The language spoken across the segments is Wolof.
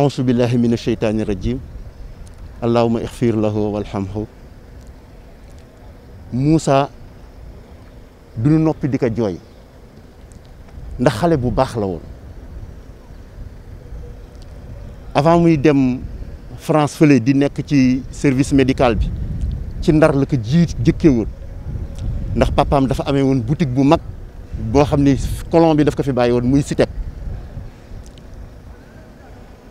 أعوذ بالله من الشيطان الرجيم اللهم اغفر له والحمه موسى دون نوبي di جوي jooy ndax xale bu baax la avant muy dem France fële di nek ci service médical bi ci ndar la ko jitt jëkkee woon ndax papam dafa amee woon boutique bu mag bo xamni ni colon bi daf ko fi bàyyi woon muy Citec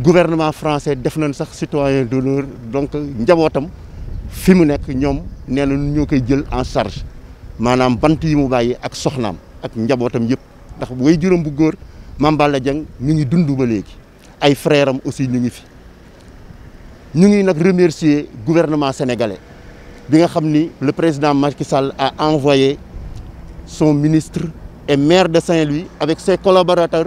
gouvernement français def nañ sax citoyen d'honneur donc njabotam fi mu en charge manam bant yi mu ak ak ndax way bu ngi ba frères aussi ngi fi ngi gouvernement sénégalais bi nga le président Macky Sall a envoyé son ministre et maire de Saint-Louis avec ses collaborateurs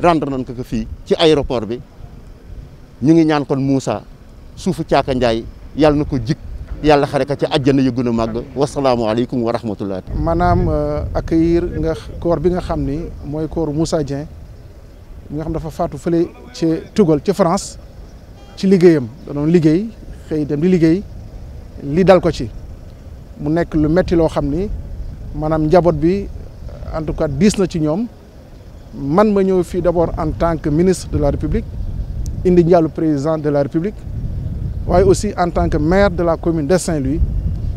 rendre nañ ko ko fii ci aéroport bi ñu ngi ñaan kon Moussa suufu caaka Ndiaye yàlla na ko jik yàlla xare ka ci àjjana yu gën a màgg wasalaamualeykum wa rahmatullah maanaam euh, accueillir nga koor bi nga xam ni mooy koor Moussa Dieng bi nga xam dafa faatu fële ci tugal ci France ci liggéeyam da doon liggéey xëy dem di liggéey li dal ko ci mu nekk lu metti loo xam ni maanaam njaboot bi en tout cas diis na ci ñoom man ma ñëw fi d'abord en tant que ministre de la République indi njàllu président de la République waye aussi en tant que maire de la commune de Saint-Louis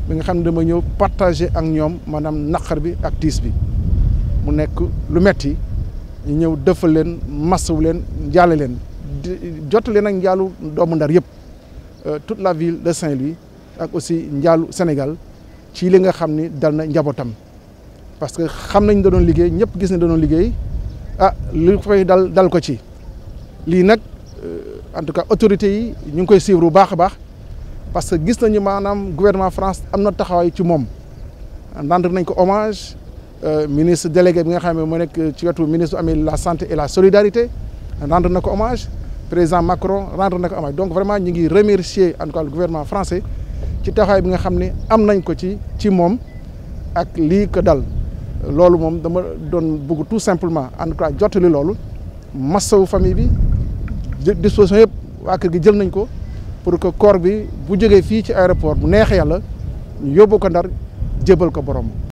bi nga xamne dama ñëw partager ak ñom manam naqar bi ak tis bi mu nekk lu metti ñu ñëw dëfal leen masawu leen leen jot leen ak njaalu doomu ndar yëpp euh, toute la ville de Saint-Louis ak aussi njaalu Sénégal ci li nga xamni dal na njabotam parce que xam nañ da doon liggéey ñëpp gis na da doon liggéey ah lu fay dal dal ko ci li nak euh, en tout cas autorité yi ñu koy suivre bu baax baax parce que gis nañu manam gouvernement France amna taxaway ci mom rendre nañ ko hommage euh, ministre délégué bi nga xam mo nek nekk ci wetu ministre amee la santé et la solidarité rendre na ko hommage président Macron rendre na ko hommage donc vraiment ñi ngi remercier en tout cas le gouvernement français ci taxaway bi nga xamné ne am nañ ko ci ci mom ak li ko dal loolu mom dama don bëgg tout simplement en tout cas jotali loolu massaw famille bi disposition yëpp wa kër gi jël nañ ko pour que corps bi bu jógee fi ci aéroport bu neexee yalla ñu yobbu ko ndar jëbël ko borom.